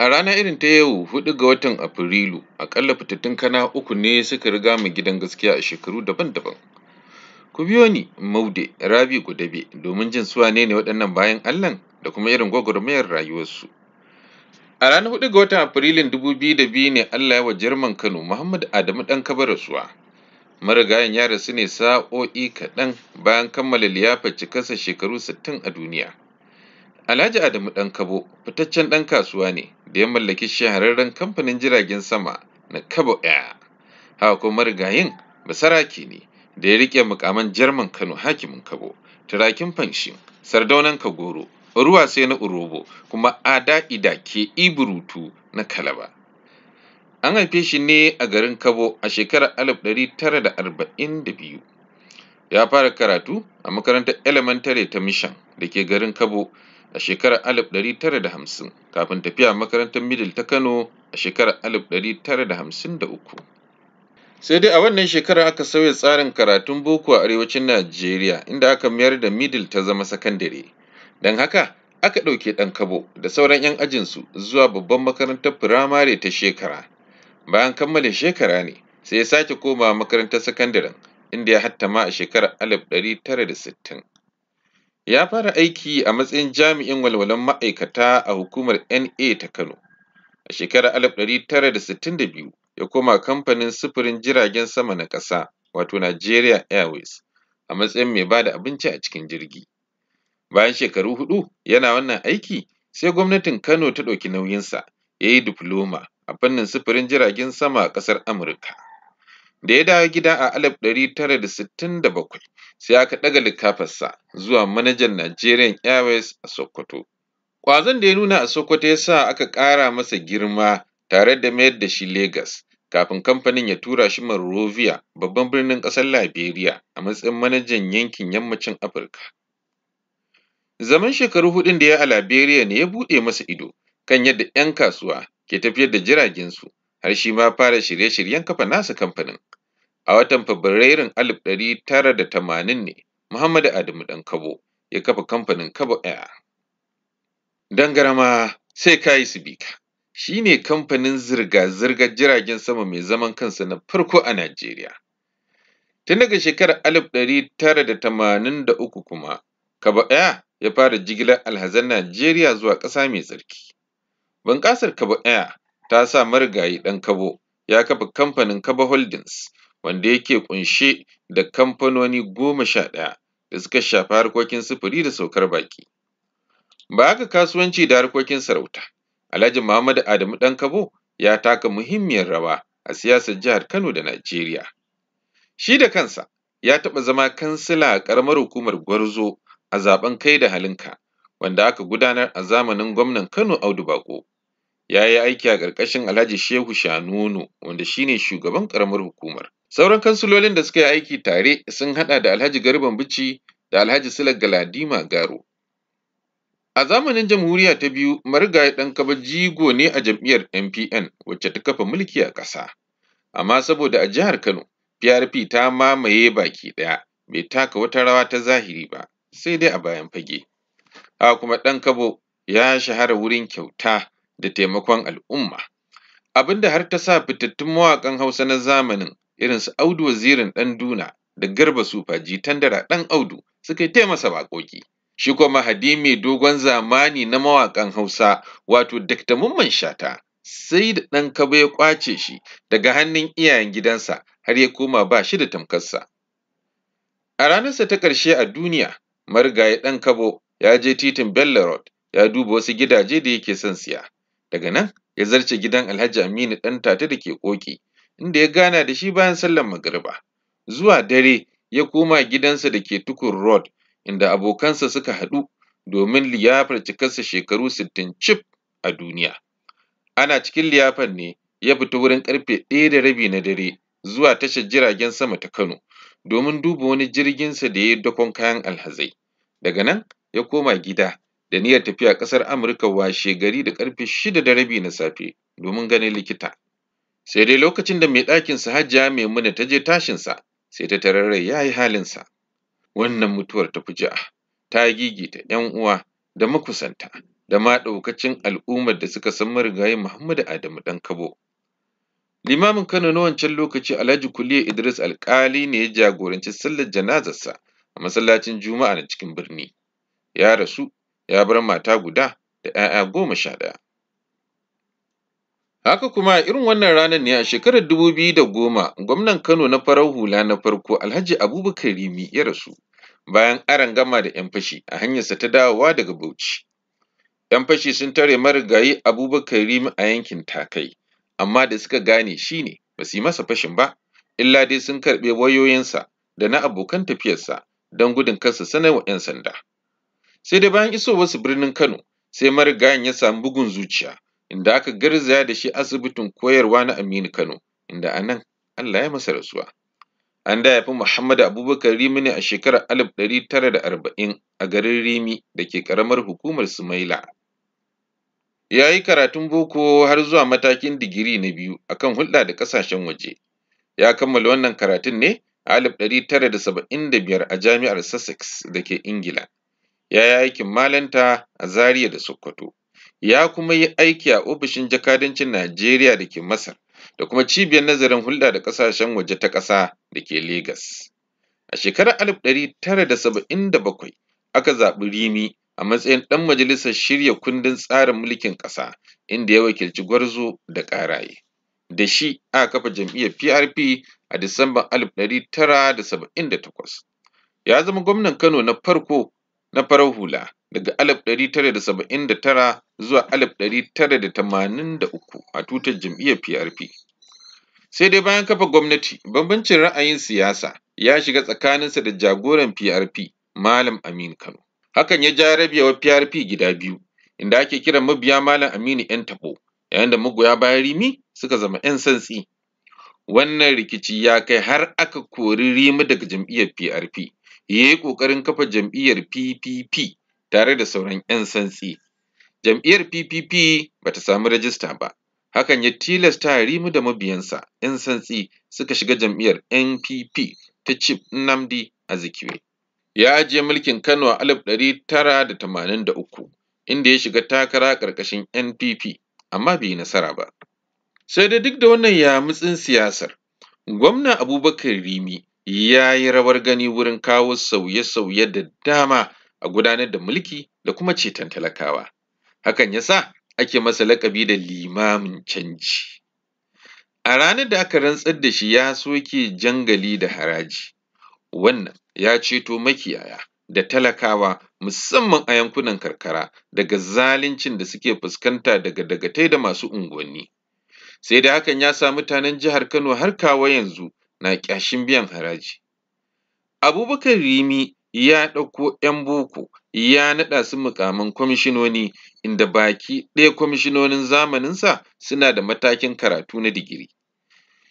A rana irin ta yau, 4 ga watan Afrilu, akalla fitattun Kana uku ne suka riga mu gidan gaskiya a shekaru daban-daban. Ku biyo ni, Maude Rabi Gudabe, domin jin su wane ne waɗannan bayan Allahn da kuma irin gwagwarmayar rayuwarsu. A ranar 4 ga watan Afrilun 2002 ne Allah ya wa Jerman Kano Muhammad Adamu ɗan kabar rasuwa. Marigayen ya rasu ne sa'o'i kaɗan bayan kammala liyafar cikarsa shekaru sittin a duniya. Alhaji Adamu ɗan Kabo fitaccen ɗan kasuwa ne da ya mallaki shahararren kamfanin jiragen sama na Kabo Air. Haka kuma marigayin basaraki ne da ya riƙe mukaman Jerman Kano hakimin Kabo, turakin fanshin, sardaunan Kagoro, ruwa sai na Urobo, kuma ada idake iburutu na Kalaba. An haife shi ne a garin Kabo a shekarar tara da da arba'in biyu. Ya fara karatu a makarantar elementary ta Mishan da ke garin Kabo a shekarar 1950 kafin tafiya makarantar Middle ta Kano a shekarar 1953. Sai dai a wannan shekarar aka sauya tsarin karatun boko a arewacin Najeriya inda aka mayar da Middle ta zama sakandare. Don haka aka ɗauke ɗan kabo da sauran 'yan ajinsu zuwa babban makarantar firamare ta shekara. Bayan kammala shekara ne sai ya sake komawa makarantar sakandaren inda ya hattama a shekarar 1960. Ya fara aiki a matsayin jami'in walwalan ma'aikata a hukumar NA ta Kano. A shekarar 1962 ya koma Kamfanin Sufurin Jiragen Sama na Ƙasa, wato Nigeria Airways, a matsayin mai ba da abinci a cikin jirgi. Bayan shekaru huɗu yana wannan aiki, sai gwamnatin Kano ta ɗauki nauyinsa, ya yi difloma a fannin sufurin jiragen sama a ƙasar Amurka. Da ya dawo gida a alif ɗari tara da sittin da bakwai, sai aka ɗaga likafarsa zuwa manajan Nigerian Airways a Sokoto. Ƙwazon da ya nuna a Sokoto ya sa aka ƙara masa girma tare da mayar da shi Legas, kafin kamfanin ya tura shi Monrovia, babban birnin ƙasar Liberia, a matsayin manajan yankin Yammacin Afirka. Zaman shekaru huɗun da ya yi a Liberia ne ya buɗe masa ido kan yadda ‘yan kasuwa ke tafiyar da jiragensu, har shi ma fara shirye-shiryen kafa nasa kamfanin. A watan Fabrairun 1980 ne Muhammadu Adamu kabo ya kafa kamfanin Kabo Air. Dangarama sai ka yi sibika. Shi ne kamfanin zirga-zirgar jiragen sama mai zaman kansa na farko a Najeriya. Tun daga shekarar 1983 kuma, Kabo Air ya fara jigilar alhazan Najeriya zuwa ƙasa mai tsarki. Bunƙasar Kabo Air ta sa marigayi ɗan Kabo ya kafa kamfanin Kabo Holdings wanda yake ƙunshe da kamfanoni goma sha ɗaya da suka shafi harkokin sufuri da saukar baƙi. Ba haka kasuwanci da harkokin sarauta, Alhaji Muhammadu Adamu ɗan Ɗankabo ya taka muhimmiyar rawa a siyasar jihar Kano da Najeriya. Shi da kansa ya taɓa zama kansila a ƙaramar hukumar Gwarzo a zaɓen kai da halinka wanda aka gudanar a zamanin gwamnan Kano Audu Bako. Ya yi aiki a ƙarƙashin Alhaji Shehu Shanunu wanda shi ne shugaban ƙaramar hukumar. Sauran kansulolin da suka yi aiki tare sun haɗa da Alhaji Garban Bici da Alhaji Sule Galadima Garo. A zamanin jamhuriya ta biyu, marigayi ɗan kaba jigo ne a jam'iyyar MPN wacce ta kafa mulki a ƙasa. Amma saboda a jihar Kano, PRP ta mamaye baki ɗaya, bai taka wata rawa ta zahiri ba, sai dai a bayan fage. Haka kuma ɗan kabo ya shahara wurin kyauta da taimakon al'umma, abin da har ta sa fitattun mawaƙan Hausa na zamanin irin su Audu Wazirin ɗan Duna da Garba Sufaji Tandara ɗan Audu suka yi masa waƙoƙi. Shi kuma mai dogon zamani na mawaƙan Hausa wato Dr. Mamman Shata sai da ɗan kabo ya ƙwace shi daga hannun iyayen gidansa har ya koma ba shi da tamkarsa. A ranarsa ta ƙarshe a duniya, marigayi ɗan kabo ya je titin Bello Road ya duba wasu gidaje da yake son siya. Daga nan ya zarce gidan Alhaji Aminu ɗan tata da ke ƙoƙi inda ya gana da shi bayan sallar magariba. Zuwa dare ya koma gidansa da ke Tukur Road inda abokansa suka haɗu domin liyafar cikarsa shekaru sittin cif a duniya. Ana cikin liyafar ne ya fita wurin ƙarfe ɗaya da rabi na dare zuwa tashar jiragen sama ta Kano domin duba wani jirginsa da ya yi dakon kayan alhazai. Daga nan ya koma gida da niyyar tafiya ƙasar Amurka washegari da ƙarfe shida da rabi na safe domin ganin likita. Sai dai lokacin da mai ɗakinsa Hajiya Maimuna ta je tashinsa, sai ta tarar ya yi halinsa. Wannan mutuwar ta fuji'a ta gigita ‘yan uwa da makusanta da ma ɗaukacin al'ummar da suka san marigayi Muhammadu Adamu ɗan Kabo. Limamin Kano na wancan lokaci Alhaji Kuliya Idris Alkali ne ya jagoranci sallar janazarsa a masallacin Juma'a na cikin birni. Ya rasu ya bar mata guda da ‘ya'ya goma sha ɗaya. Haka kuma irin wannan ranar ne a shekarar 2010, gwamnan Kano na farar hula na farko Alhaji Abubakar Rimi ya rasu, bayan gama da ‘yan fashi a hanyarsa ta dawowa daga Bauchi. ‘Yan fashi sun tare marigayi Abubakar Rimi a yankin Takai, amma da suka gane shi ne ba su yi masa fashin ba, illa dai sun karɓe wayoyinsa da na abokan tafiyarsa don gudun kansa sanar wa ‘yan sanda. Sai dai bayan isowarsu birnin Kano, sai marigayin ya samu bugun zuciya inda aka garzaya da shi asibitin koyarwa na Aminu Kano, inda anan Allah ya masa rasuwa. An da yafi Muhammadu Abubakar Rimi ne a shekarar alif ɗari tara da arba'in a garin Rimi da ke ƙaramar hukumar Sumaila. Ya yi karatun boko har zuwa matakin digiri na biyu akan hulɗa da ƙasashen waje. Ya kammala wannan karatun ne a alif ɗari tara da da saba'in biyar a jami'ar Sussex da ke Ingila. Ya yi aikin malanta a Zaria da Sokoto. Ya kuma yi aiki a Ofishin Jakadancin Najeriya da ke Masar da kuma Cibiyar Nazarin Hulɗa da Ƙasashen Waje ta ƙasa da ke Legas. A shekarar alif ɗari tara da da saba'in bakwai, aka zaɓi Rimi a matsayin ɗan majalisar shirya kundin tsarin mulkin ƙasa inda ya wakilci Gwarzo da Ƙaraye. Da shi aka kafa jam'iyyar PRP a Disamban takwas. Ya zama gwamnan Kano na farko na farar hula daga 1979 zuwa 1983 a tutar jam'iyyar PRP. Sai dai bayan kafa gwamnati, bambancin ra'ayin siyasa ya shiga tsakaninsa da jagoran PRP, Malam Aminu Kano. Hakan ya ja rabewar PRP gida biyu, inda ake kiran mabiya Malam Aminu ‘yan taɓo, yayin da magoya bayan Rimi suka zama ‘yan santsi. Wannan rikici ya kai har aka kori Rimi daga jam'iyyar PRP, ya yi ƙoƙarin kafa jam'iyyar PPP tare da sauran 'yan santsi. Jam'iyyar PPP ba ta samu rajista ba, hakan ya tilasta Rimu da mabiyansa 'yan santsi suka shiga jam'iyyar NPP ta Chief Nnamdi Azikiwe. Ya ajiye mulkin Kano a alif ɗari tara da tamanin da uku, inda ya shiga takara ƙarƙashin NPP, amma bai yi nasara ba. Sai dai duk da wannan yamutsin siyasar, gwamna Abubakar Rimi ya yi rawar gani wurin kawo sauye-sauye da dama a gudanar da mulki da kuma ceton talakawa. Hakan ya sa ake masa laƙabi da limamin canji. A ranar da aka rantsar da shi ya soke jangali da haraji, wannan ya ceto makiyaya da talakawa musamman a yankunan karkara daga zaluncin da suke fuskanta daga dagatai da masu unguwanni. Sai da hakan ya sa mutanen jihar Kano har kawo yanzu na ƙyashin biyan haraji. Abubakar Rimi ya ɗauko ‘yan boko ya naɗa su mukamin kwamishinoni inda baki ɗaya kwamishinonin zamaninsa suna da matakin karatu na digiri.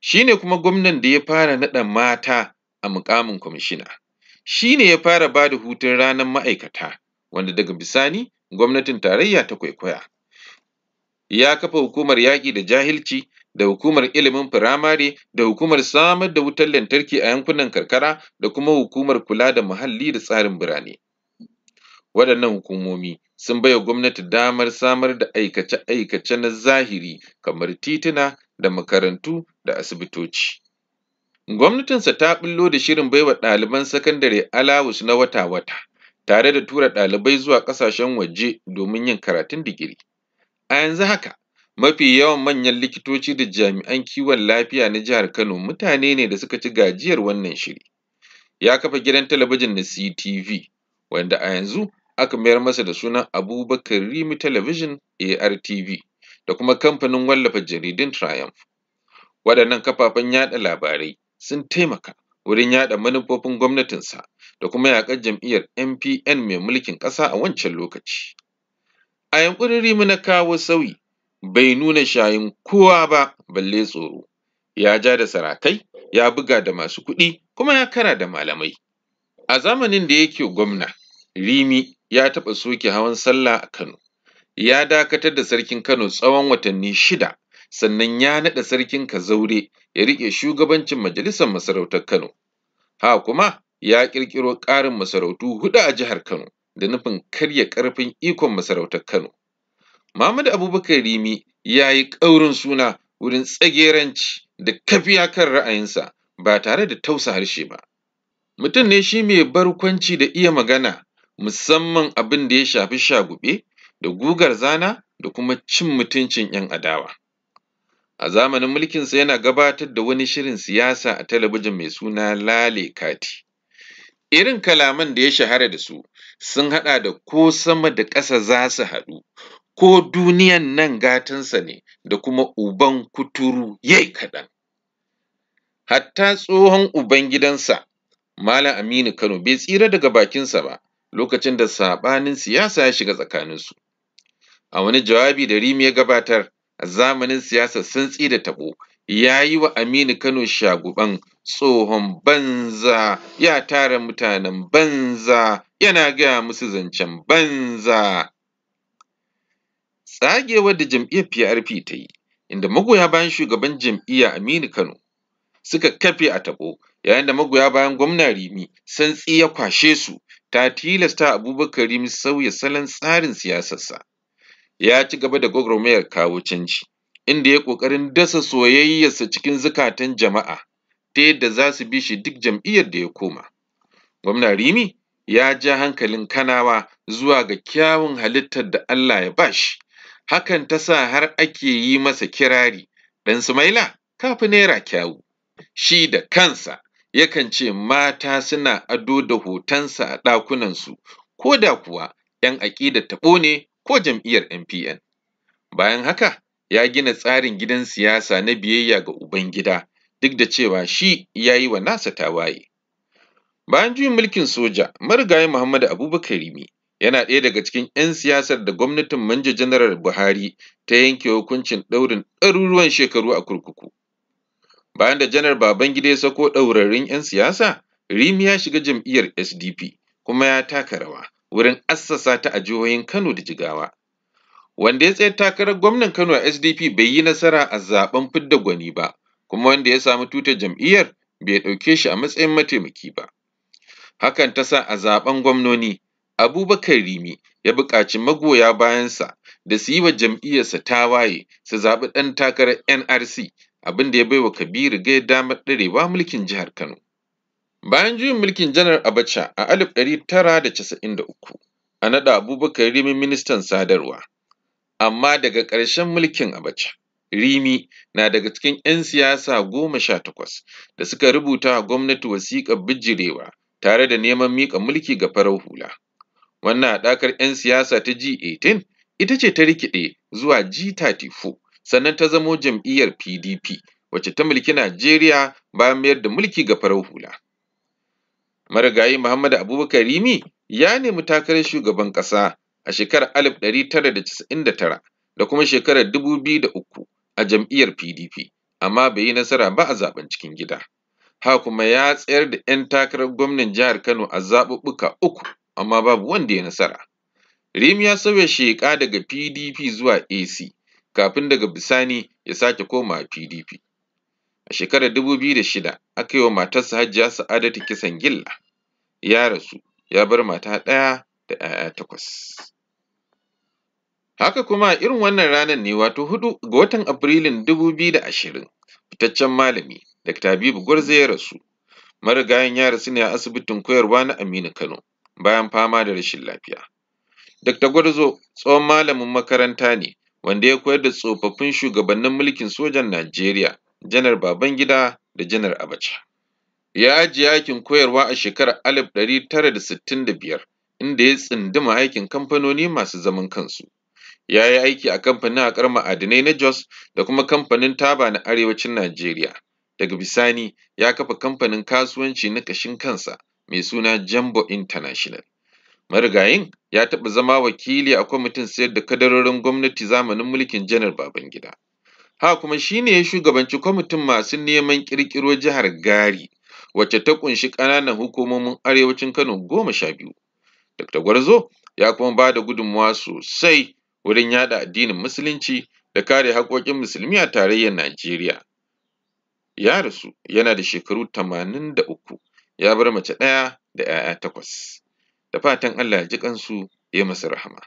Shi ne kuma gwamnan da ya fara naɗa mata a mukamin kwamishina. Shi ne ya fara ba da hutun ranar ma'aikata wanda daga bisani gwamnatin tarayya ta kwaikwaya. Ya kafa hukumar yaƙi da jahilci da hukumar ilimin firamare da hukumar samar da wutar lantarki a yankunan karkara da kuma hukumar kula da muhalli da tsarin birane. Waɗannan hukumomi sun baiwa gwamnati damar samar da aikace-aikace na zahiri kamar tituna da makarantu da asibitoci. Gwamnatinsa ta ɓullo da shirin baiwa ɗaliban sakandare alawus na wata-wata tare da tura ɗalibai zuwa ƙasashen waje domin yin karatun digiri. A yanzu haka, Mafi yawan manyan likitoci da jami'an kiwon lafiya na Jihar Kano mutane ne da suka ci gajiyar wannan shiri. Ya kafa gidan talabijin na CTV, wanda a yanzu aka mayar masa da sunan Abubakar Rimi Talabijin (ARTV) da kuma kamfanin wallafa jaridun Triumph. Waɗannan kafafen yaɗa labarai sun taimaka wurin yaɗa manufofin gwamnatinsa da kuma yaƙar jam'iyyar MPN mai mulkin ƙasa a wancan lokaci. A yunƙurin Rimi na kawo sauyi, bai nuna shayin kowa ba balle tsoro, ya ja da sarakai, ya buga da masu kuɗi kuma ya kara da malamai. A zamanin da yake gwamna, Rimi ya taɓa soke hawan sallah a Kano, ya dakatar da sarkin Kano tsawon watanni shida, sannan ya naɗa sarkin Kazaure ya riƙe shugabancin majalisar masarautar Kano. Ha kuma ya ƙirƙiro ƙarin masarautu huɗu a jihar Kano da nufin karya ƙarfin ikon masarautar Kano. Mahmud Abubakar Rimi ya yi ƙaurin suna wurin tsageranci da kafiya kan ra'ayinsa ba tare da tausa harshe ba. Mutum ne shi mai barkwanci da iya magana musamman abin da ya shafi shagube da gugar zana da kuma cin mutuncin ‘yan adawa. A zamanin mulkinsa yana gabatar da wani shirin siyasa a talabijin mai suna Lale Kati. Irin kalaman da ya shahara da su sun haɗa da ko sama da ƙasa za su haɗu, ko duniyan nan gatansa ne da kuma uban kuturu yai kaɗan. Hatta tsohon uban gidansa, Malam Aminu Kano bai tsira daga bakinsa ba lokacin da saɓanin siyasa ya shiga tsakaninsu. A wani jawabi da Rimi ya gabatar a zamanin siyasa santsi da taɓo ya yi wa Aminu Kano shaguban tsohon banza ya tara mutanen banza yana gaya musu zancen banza tsagewar da jam'iyyar PRP ta yi, inda magoya bayan shugaban jam'iyya Aminu Kano suka kafe a taɓo, yayin da magoya bayan gwamna Rimi santsi ya kwashe su ta tilasta Abubakar Rimi sauya salon tsarin siyasarsa. Ya ci gaba da gwagwarmayar kawo canji, inda ya ƙoƙarin dasa soyayyarsa cikin zukatan jama'a ta yadda za su bi shi duk jam'iyyar da ya koma. Gwamna Rimi ya ja hankalin Kanawa zuwa ga kyawun halittar da Allah ya ba shi hakan ta sa har ake yi masa kirari ɗan Sumaila kafi naira kyawu. Shi da kansa yakan ce mata suna ado da hotonsa a ɗakunansu ko da kuwa ‘yan da taɓo ne ko jam'iyyar MPN. Bayan haka ya gina tsarin gidan siyasa na biyayya ga Ubangida duk da cewa shi ya yi wa nasa tawaye. Bayan juyin mulkin soja marigayi Muhammadu Abubakar Rimi yana ɗaya daga cikin 'yan siyasar da gwamnatin Manja Janaral Buhari ta yanke hukuncin ɗaurin ɗaruruwan shekaru a kurkuku. Bayan da Janar Babangida ya sako ɗaurarin 'yan siyasa, Rimi ya shiga jam'iyyar SDP kuma ya taka rawa wurin assasa ta a jihohin Kano da Jigawa. Wanda ya tsayar takarar gwamnan Kano a SDP bai yi nasara a zaben fidda gwani ba, kuma wanda ya samu tutar jam'iyyar bai ɗauke shi a matsayin mataimaki ba. Hakan ta sa a zaben gwamnoni Abubakar Rimi ya buƙaci magoya bayansa da su yi wa jam'iyyarsa tawaye su zaɓi ɗan takarar NRC, abin da ya wa Kabiru gaya damar ɗarewa mulkin jihar Kano. Bayan juyin mulkin Janar Abacha a alif ɗari tara da casa'in 1993, a naɗa Abubakar Rimi ministan sadarwa, amma daga ƙarshen mulkin Abacha, Rimi na daga cikin ‘yan siyasa goma sha takwas da suka rubuta wa gwamnati wasiƙar bijirewa tare da neman miƙa mulki ga farar hula. Wannan haɗakar 'yan siyasa ta G18 ita ce ta rikide zuwa G34 sannan ta zamo jam'iyyar PDP wacce ta mulki Najeriya bayan mayar da mulki ga farar hula. Marigayi Muhammadu Abubakar Rimi ya nemi takarar shugaban ƙasa a shekarar alif tara da kuma shekarar dubu biyu da uku a jam'iyyar PDP amma bai yi nasara ba a zaben cikin gida. Ha kuma ya tsayar da 'yan takarar gwamnan jihar Kano a zaɓuɓɓuka uku amma babu wanda ya nasara. Rimi ya sauya sheƙa daga PDP zuwa AC kafin daga bisani ya sake komawa PDP. A shekarar dubu biyu da shida aka yi wa matarsa Hajiya Sa'adatu kisan gilla, ya rasu ya bar mata ɗaya da ‘ya'ya takwas. Haka kuma a irin wannan ranar ne wato hudu ga watan Afrilun dubu biyu da ashirin fitaccen malami Dakta Habibu Gwarzo ya rasu. Marigayin ya rasu ne a asibitin koyarwa na Aminu Kano. bayan fama da rashin lafiya. Dr. Gwarzo tsohon malamin makaranta ne wanda ya koyar da tsofaffin shugabannin mulkin sojan Najeriya, Janar Babangida da Janar Abacha. Ya ajiye aikin koyarwa a shekarar alif ɗari tara da sittin da biyar, inda ya tsunduma aikin kamfanoni masu zaman kansu. Ya yi aiki a kamfanin haƙar ma'adinai na Jos da kuma kamfanin taba na Arewacin Najeriya. Daga bisani ya kafa kamfanin kasuwanci na ƙashin kansa mai suna Jambo International. Marigayin ya taɓa zama wakili a kwamitin sayar da kadarorin gwamnati zamanin mulkin Janar Babangida. Ha kuma shi ne ya shugabanci kwamitin masu neman ƙirƙiro jihar Gari, wacce ta ƙunshi ƙananan hukumomin arewacin Kano goma sha biyu. Dr. Gwarzo ya kuma ba da gudunmawa sosai wurin yaɗa addinin Musulunci da kare haƙoƙin Musulmi a tarayyar Najeriya. Ya rasu yana da shekaru tamanin da uku. ya bar mace ɗaya da ‘ya'ya takwas. Da fatan Allah ya ji kansu ya masu rahama.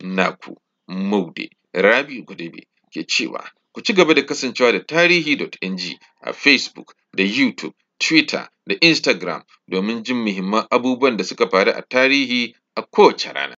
Naku Maude Rabi Gudebe ke cewa ku ci gaba da kasancewa da tarihi dot ng a Facebook da YouTube, Twitter da Instagram domin jin muhimman abubuwan da suka faru a tarihi a kowace rana.